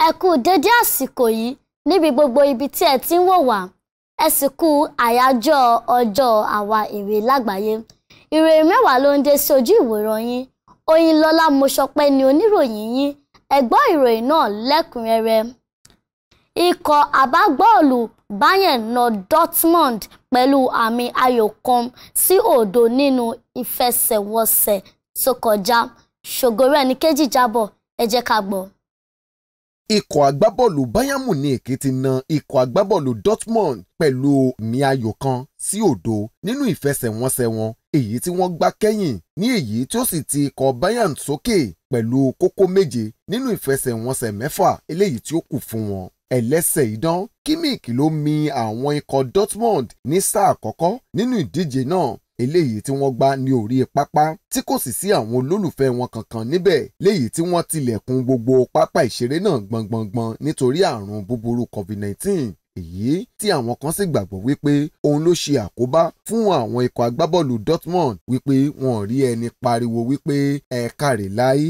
ẹ kú dédé àsìkò yìí níbi gbogbo ibi tí ẹ ti ń wò wá ẹ sì kú àyájọ́ ọjọ́ àwa èrè lágbàáyé ìròyìn mẹ́wàá ló ń dé sí ojú ìwòran yín Oyinlọ́lá Mọ́ṣọpẹ́ ni oníròyìn yín ẹ gbọ́ ìròyìn náà lẹ́kùnrẹ́rẹ́ ikọ̀ àbágbọ́ọ̀lù Bayern na Dortmund pẹ̀lú àmì ayò kan sí òdo nínú ìfẹsẹ̀wọnsẹ̀ tó kọjá ṣògo rẹ̀ ní kejì jábọ̀ ẹ jẹ́ ká gbọ́ ikọ̀ agbábọ́ọ̀lù Bayern Munich ti na ikọ̀ agbábọ́ọ̀lù Dortmund pẹ̀lú ní ayò kan sí òdo nínú ìfẹsẹ̀wọnsẹ̀ wọn èyí tí wọ́n gbá kẹ́yìn ní èyí tí ó sì ti ikọ̀ Bayern sókè pẹ̀lú kókó méje nínú ìfẹsẹ̀wọnsẹ̀ mẹ́fà eléyìí tí ó kù fún wọn ẹlẹ́sẹ̀ idán Kimmich ló mi àwọn ikọ̀ Dortmund ní sáà àkọ́kọ́ nínú ìdíje náà eléyìí tí wọ́n gbá ní orí pápá tí kò sì sí àwọn olólùfẹ́ wọn kankan níbẹ̀ léyìí tí wọ́n tilẹ̀kùn gbogbo pápá ìṣeré náà gbọ̀ngbọ̀ngbọ̀n nítorí àrùn búburú COVID-19 èyí tí àwọn kan sì gbàgbọ́ wípé òun ló ṣe àkóbá fún àwọn ikọ̀ agbábọ́ọ̀lù Dortmund wípé wọn ò rí ẹni pariwo wípé ẹ kárẹ̀ láí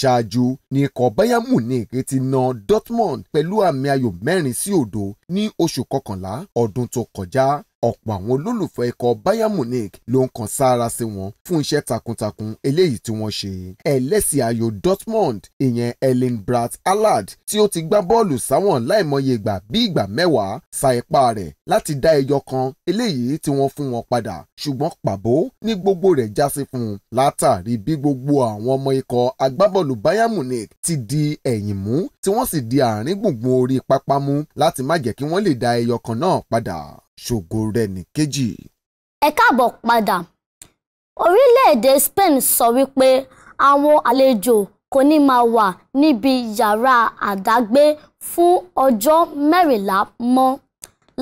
ṣáájú ni ikọ̀ bayern munich ti na dortmund pẹ̀lú àmì ayò mẹ́rin sí òdo ní oṣù kọkànlá ọdún tó kọjá ọ̀pọ̀ àwọn olólùfẹ́ ikọ̀ bayern munich ló ń kan sára sí wọn fún iṣẹ́ takuntakun eléyìí tí wọ́n ṣe. ẹlẹ́sìn ayò dortmund ìyẹn erling braut haaland tí ó ti gbá bọ́ọ̀lù sáwọn láìmọye ìgbà bí ìgbà mẹ́wàá sa ipá rẹ̀ láti dá ẹyọ kan eléyìí tí wọ́n fún wọn padà ṣùgbọ́n pàbó ní gbogbo rẹ̀ já sí fún un látàrí bí gbogbo àwọn ọmọ ikọ̀ agbábọ́ọ̀lù bọ́ọ̀lù Bayern Munich ti di ẹ̀yìn mú tí wọ́n sì di àárín gbùngbùn orí pápá mú láti má jẹ́ kí wọ́n lè da ẹyọ kan náà padà ṣògo rẹ̀ ní kejì. ẹ káàbọ̀ padà orílẹ̀-èdè Spain sọ wípé àwọn àlejò kò ní máa wà níbi yàrá àdágbé fún ọjọ́ mẹ́rìnlá mọ́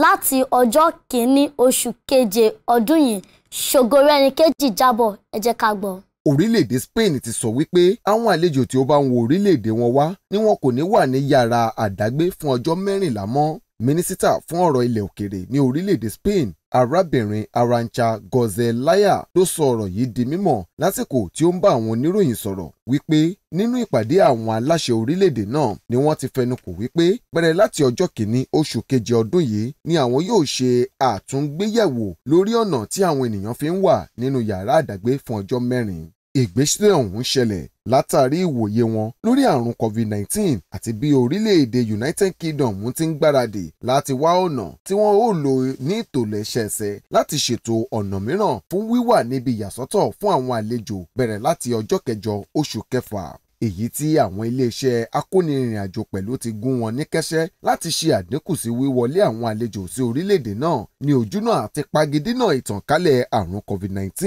láti ọjọ́ kìíní oṣù keje ọdún yìí ṣògo rẹ̀ ní kejì jábọ̀ ẹ ká gbọ́ orílẹ̀-èdè Spain ti sọ wípé àwọn àlejò tí ó bá ń wo orílẹ̀-èdè wọn wá ni wọn kò ní wà ní yàrá àdágbé fún ọjọ́ mẹ́rìnlá mọ́ mínísítà fún ọ̀rọ̀ ilẹ̀ òkèrè ní orílẹ̀-èdè Spain arábìnrin Arantxa Gosalia ló sọ ọ̀rọ̀ yìí di mímọ̀ lásìkò tí ó ń bá àwọn oníròyìn sọ̀rọ̀ wípé nínú ìpàdé àwọn aláṣẹ orílẹ̀-èdè náà ni wọ́n ti fẹnukò wípé bẹ̀rẹ̀ láti ọjọ́ kìíní oṣù keje ọdún yìí ni àwọn yóò ṣe àtúngbéyẹ̀wò lórí ọ̀nà tí àwọn ènìyàn fi ń wà nínú yàrá àdágbé fún ọjọ́ mẹ́rin ìgbésẹ̀ ọ̀hún ṣẹlẹ̀ látàrí ìwòye wọn lórí àrùn COVID-19 àti bí orílẹ̀-èdè United Kingdom ti ń gbáradì láti wá ọ̀nà tí wọ́n ó lò ní ìtòlẹ́sẹẹsẹ láti ṣètò ọ̀nà mìíràn fún wíwà níbi ìyàsọ́tọ̀ fún àwọn àlejò bẹ̀rẹ̀ láti ọjọ́ kẹjọ oṣù kẹfà èyí tí àwọn iléeṣẹ́ akónirìnàjò pẹ̀lú ti gún wọn ní kẹ́sẹ́ láti ṣe àdínkù sí wíwọlé àwọn àlejò sí orílẹ̀-èdè náà ní ojúnà àti pagidínà ìtànkálẹ̀ àrùn COVID-19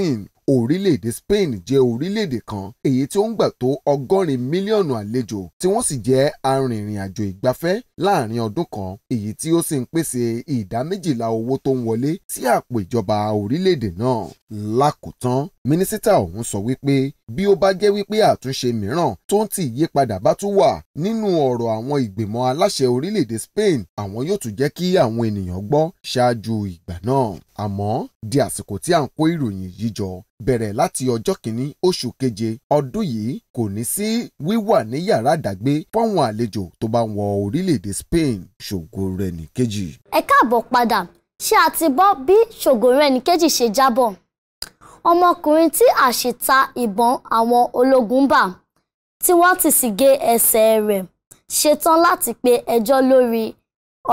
orílẹ̀-èdè Spain jẹ́ orílẹ̀-èdè kan èyí tí ó ń gbà tó ọgọ́rin mílíọ̀nù àlejò tí wọ́n sì jẹ́ arìnrìn-àjò ìgbafẹ́ láàrin ọdún kan èyí tí ó sì ń pèsè ìdá méjìlá owó tó ń wọlé sí àpò ìjọba orílẹ̀-èdè náà lákòótán mínísítà ọ̀hún sọ wípé bí ó bá jẹ́ wípé àtúnṣe mìíràn tó ń ti ìyípadà bá tún wà nínú ọ̀rọ̀ àwọn ìgbìmọ̀ aláṣẹ orílẹ̀-èdè Spain àwọn yóò tún jẹ́ kí àwọn ènìyàn gbọ́ ṣáájú ìgbà náà àmọ́ di àsìkò tí à ń kó ìròyìn yìí jọ bẹ̀rẹ̀ láti ọjọ́ kìíní oṣù keje ọdún yìí kò ní sí wíwà ní yàrá àdágbé fáwọn àlejò tó bá wọ orílẹ̀-èdè Spain ṣògo rẹ̀ nìkejì. ẹ káàbọ̀ padà ṣé a ti bọ́ bí ṣògo rẹ̀ nìkejì ṣe jábọ̀ ọmọkùnrin tí àṣìta ìbọn àwọn ológun bá tí wọ́n ti sì gé ẹsẹ̀ rẹ̀ ṣetán láti pe ẹjọ́ lórí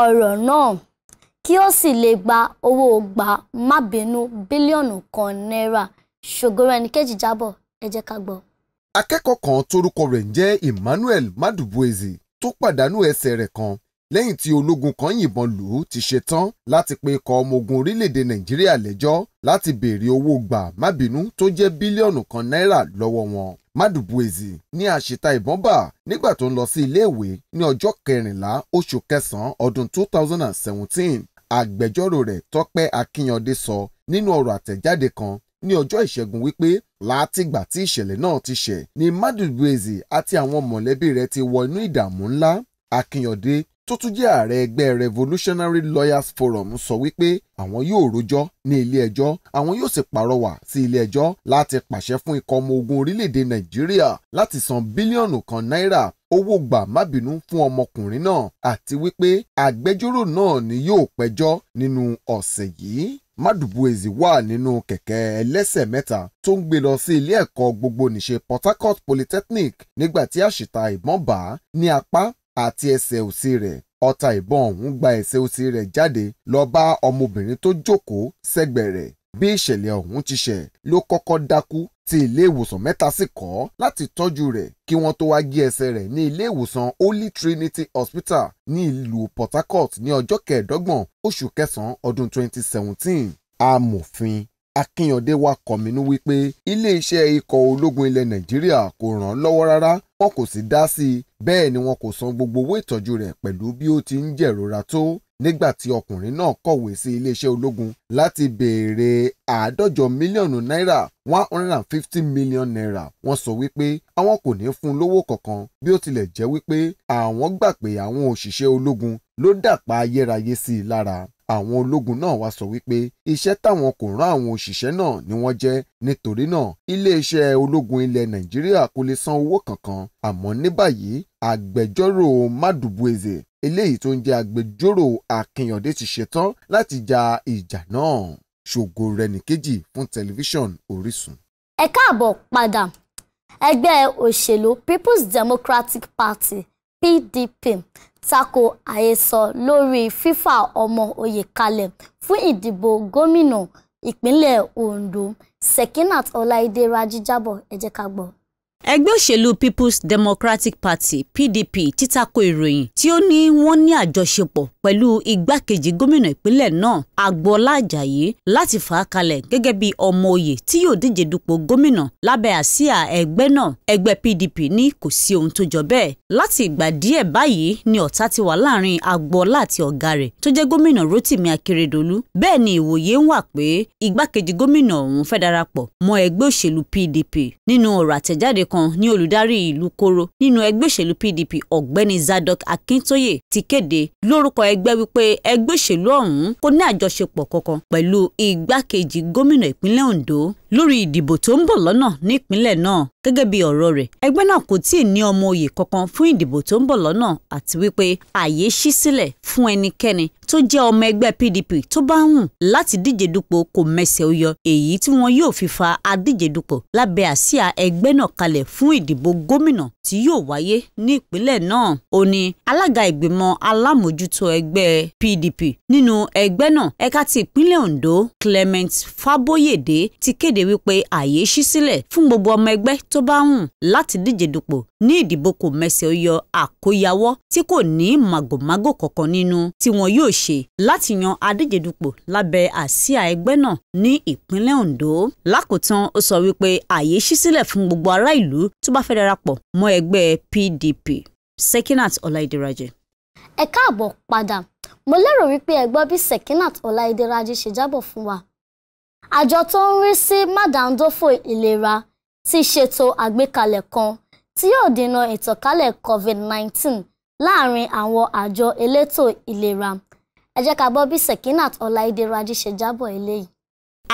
ọ̀rọ̀ náà kí ó sì lè gba owó gbà má bínú bílíọ̀nù kan náírà ṣògòrò ẹnìkejì jábọ̀ ẹ jẹ́ ká gbọ́. akẹ́kọ̀ọ́ kan tórúkọ rẹ̀ ń jẹ́ Emmanuel Madubuezi tó pàdánù ẹsẹ̀ rẹ̀ kan lẹ́yìn tí ológun kan yìnbọn lù ú ti ṣe tán láti pe ikọ̀ ọmọ ogun orílẹ̀-èdè nàìjíríà lẹ́jọ́ láti béèrè owó gbà má bínú tó jẹ́ bílíọ̀nù kan náírà lọ́wọ́ wọn. Madubuezi ní àṣìta ìbọn bà nígbà tó ń lọ sí iléèwé ní ọjọ́ kẹrìnlá oṣù kẹsàn-án ọdún 2017 agbẹjọ́rò rẹ̀ tọ́pẹ́ akínyàndé sọ nínú ọ̀rọ̀ àtẹ̀jáde kan ní ọjọ́ ìṣẹ́gun wípé látìgbà tí ìṣẹ̀lẹ̀ náà ti ṣẹ̀ ni Madubuezi àti àwọn mọ̀lẹ́bí rẹ̀ ti wọ inú ìdààmú ńlá Akínyàndé tó tún jẹ́ ààrẹ ẹgbẹ́ Revolutionary Lawyers Forum sọ wípé àwọn yóò rojọ́ ní ilé-ẹjọ́ àwọn yóò sì pàrọwà sí ilé-ẹjọ́ láti pàṣẹ fún ikọ̀ ọmọ ogun orílẹ̀-èdè Nàìjíríà láti san bílíọ̀nù kan náírà owó gbà má bínú fún ọmọkùnrin náà àti wípé agbẹjọ́rò náà ni yóò pẹjọ́ nínú ọ̀sẹ̀ yìí. Madubuezi wà nínú kẹ̀kẹ́ ẹlẹ́sẹ̀ mẹ́ta tó ń gbé lọ sí ilé ẹ̀kọ́ gbogbo nìṣe Port Harcourt Polytechnic nígbà tí àṣìta ìbọn bá ní apá àti ẹsẹ̀ òsì rẹ̀ ọta ìbọn ọ̀hún gba ẹsẹ̀ òsì rẹ̀ jáde lọ bá ọmọbìnrin tó jókòó sẹ́gbẹ̀ẹ́ rẹ̀ bí ìṣẹ̀lẹ̀ ọ̀hún ti ṣẹ̀ ló kọ́kọ́ dákú tí ilé ìwòsàn mẹ́ta sì kọ̀ láti tọ́jú rẹ̀ kí wọ́n tó wá gé ẹsẹ̀ rẹ̀ ní ilé ìwòsàn Holy Trinity Hospital ní ìlú Port Harcourt ní ọjọ́ kẹẹ̀ẹ́dọ́gbọ̀n oṣù kẹsàn ọdún 2017 amòfin Akínyàndé wa kọ̀mínú wípé iléeṣẹ́ ikọ̀ ológun ilẹ̀ Nàìjíríà kò ràn án lọ́wọ́ rárá wọn kò sì dá sí i bẹ́ẹ̀ ni wọn kò san gbogbo owó ìtọ́jú rẹ̀ pẹ̀lú bí ó ti ń jẹ̀rora tó nígbà tí ọkùnrin náà kọ̀wé sí iléeṣẹ́ ológun láti béèrè àádọ́jọ mílíọ̀nù náírà one hundred and fifty million naira wọ́n sọ wípé àwọn kò ní fún un lówó kankan bí ó tilẹ̀ jẹ́ wípé àwọn gbà pé àwọn òṣìṣẹ́ ológun ló dàpá ayérayé sí i lára àwọn ológun náà wá sọ wípé iṣẹ́ táwọn kò rán àwọn òṣìṣẹ́ náà ni wọ́n jẹ́ nítorí náà iléeṣẹ́ ológun ilẹ̀ nàìjíríà kò lè san owó kankan àmọ́ ní báyìí agbẹjọ́rò Madubueze eléyìí tó ń jẹ́ agbẹjọ́rò Akínyàndé ti ṣetán láti ja ìjà náà ṣògo rẹ̀ nìkejì fún tẹlifíṣàn Orísun. ẹ káàbọ̀ padà ẹgbẹ́ òṣèlú People's Democratic Party PDP tako àhesọ lórí fífà ọmọ oyè kalẹ̀ fún ìdìbò gómìnà ìpínlẹ̀ Ondo Sekinat Ọláìdé Rájí jábọ̀ ká gbọ́ ẹgbẹ́ òṣèlú people's democratic party pdp títako ìròyìn tí ó ní wọ́n ní àjọṣepọ̀ pẹ̀lú igbákejì gómìnà ìpínlẹ̀ náà agboola ajayi láti fà á kalẹ̀ gẹ́gẹ́ bí ọmọ oyè tí yóò díje dupò gómìnà lábẹ́ àsíà ẹgbẹ́ náà ẹgbẹ́ pdp ní kò sí ohun tó jọ bẹ́ẹ̀ láti ìgbà díẹ̀ báyìí ni ọ̀tá ti wà láàrin agboola àti ọ̀gá rẹ̀ tó jẹ́ gómìnà rotimi akeredolu bẹ́ẹ̀ ni ìwòye ń wà pé igbákejì gómìnà ọ̀hún fẹ́ darapọ̀ mọ́ ẹgbẹ́ òṣèlú kan ní olùdarí ìlú koro nínú ẹgbẹ́ òṣèlú PDP ọ̀gbẹ́ni Zadok Akintoye ti kéde lórúkọ ẹgbẹ́ wípé ẹgbẹ́ òṣèlú ọ̀hún kò ní àjọṣepọ̀ kankan pẹ̀lú igbákejì gómìnà ìpínlẹ̀ Ondo lórí ìdìbò tó ń bọ̀ lọ́nà nípínlẹ̀ náà gẹ́gẹ́ bí ọ̀rọ̀ rẹ̀ ẹgbẹ́ náà kò tíì ní ọmọ òye kankan fún ìdìbò tó ń bọ̀ lọ́nà àti wípé ààyè ṣí sílẹ̀ fún ẹnikẹ́ni tó jẹ́ ọmọ ẹgbẹ́ PDP tó bá ń hùn láti díje dupò kò mẹsẹ̀ ó yọ èyí tí wọn yóò fi fa adíje dupò lábẹ́ àsíá ẹgbẹ́ náà kalẹ̀ fún ìdìbò gómìnà tí yóò wáyé ní ìpínlẹ̀ náà ó ní alága ìgbìmọ̀ alámòjútó ẹgbẹ́ PDP nínú ẹgbẹ́ náà ẹ̀ka ti ìpínlẹ̀ Ondo Clement Fábóyèdé ti kéde ìwádìí wípé ààyè ṣí sílẹ̀ fún gbogbo ọmọ ẹgbẹ́ tó bá ń hùn láti díje dupò ní ìdìbò kò mẹsẹ̀ ọyọ àkóyawọ́ tí kò ní màgòmágò kankan nínú tí wọn yóò ṣe láti yan adíje dupò lábẹ́ àsíá ẹgbẹ́ náà ní ìpínlẹ̀ Ondo. Lákòótán ó sọ wípé ààyè ṣí sílẹ̀ fún gbogbo ará ìlú tó bá fẹ́ darapọ̀ mọ́ ẹgbẹ́ PDP. Sekinat Ọláìdíraje. Ẹ káàbọ̀ padà mo lérò wípé ẹ gbọ́ bí Sekinat Ọláìdíraje ṣe jábọ̀ fún wa àjọ tó ń rí sí mádàndófò ìlera ti ṣètò àgbékalẹ̀ kan tí yóò dènà ìtànkálẹ̀ covid-19 láàrin àwọn àjọ elétò ìlera ẹ jẹ́ ká gbọ́ bí Sekinat Ọláìdé Rájí ṣe jábọ̀ eléyìí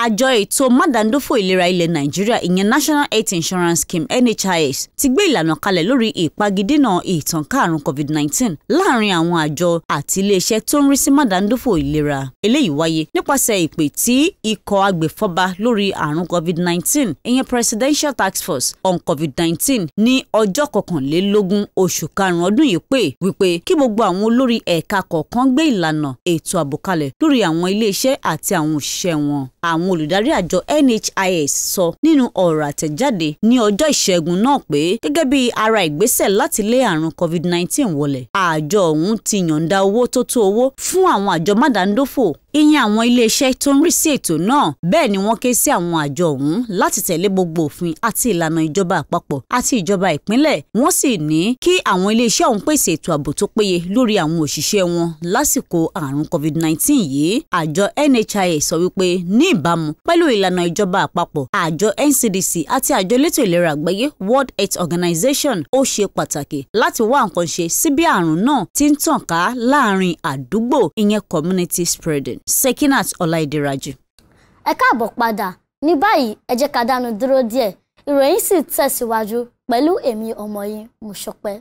àjọ ètò mádàndófò ìlera ilẹ̀ nàìjíríà ìyẹn national health insurance scheme nhis ti gbé ìlànà kalẹ̀ lórí ìpagidínà ìtànká àrùn covid-19 láàrin àwọn àjọ àti iléeṣẹ́ tó ń rí sí mádàndófò ìlera eléyìí wáyé nípasẹ̀ ìpè tí ikọ̀ agbèfọ́ba lórí àrùn covid-19 ìyẹn presidential task force on covid-19 ní ọjọ́ kọkànlélógún oṣù karùn-ún ọdún yìí pé wípé kí gbogbo àwọn olórí ẹ̀ka kọ̀ọ̀kan gbé ìlànà ètò àbòkalẹ̀ lórí àwọn iléeṣẹ́ àti àwọn òṣìṣẹ́ wọn àwọn àwọn olùdarí àjọ NHIS sọ nínú ọ̀rọ̀ àtẹ̀jáde ní ọjọ́ ìṣẹ́gun náà pé gẹ́gẹ́ bí ara ìgbésẹ̀ láti lé àrùn COVID-19 wọlẹ̀ àjọ ọ̀hún ti yọ̀ǹda owó tó tó owó fún àwọn àjọ mádàndófò iye àwọn iléeṣẹ́ tó ń rí sí ètò náà bẹ́ẹ̀ ni wọ́n ké sí àwọn àjọ ọ̀hún láti tẹ̀lé gbogbo òfin àti ìlànà ìjọba àpapọ̀ àti ìjọba ìpínlẹ̀ wọ́n sì ní kí àwọn iléeṣẹ́ ọ̀hún pèsè ètò ààbò tó péye lórí àwọn òṣìṣẹ́ wọn lásìkò àrùn covid-19 yìí àjọ NHIS sọ wípé ní ìbámu pẹ̀lú ìlànà ìjọba àpapọ̀ àjọ NCDC àti àjọ elétò ìlera àgbáyé World Health Organization ó ṣe pàtàkì láti wá nǹkan ṣe sí bí àrùn náà ti ń tàn ká láàrin àdúgbò ìyẹn community spreading Sekinat Ọláìdírajú. ẹ káàbọ̀ padà ní báyìí ẹ jẹ́ ká dánu dúró díẹ̀ ìròyìn sì tẹ̀síwájú pẹ̀lú èmi ọmọ yín Mọ́ṣọ́pẹ́.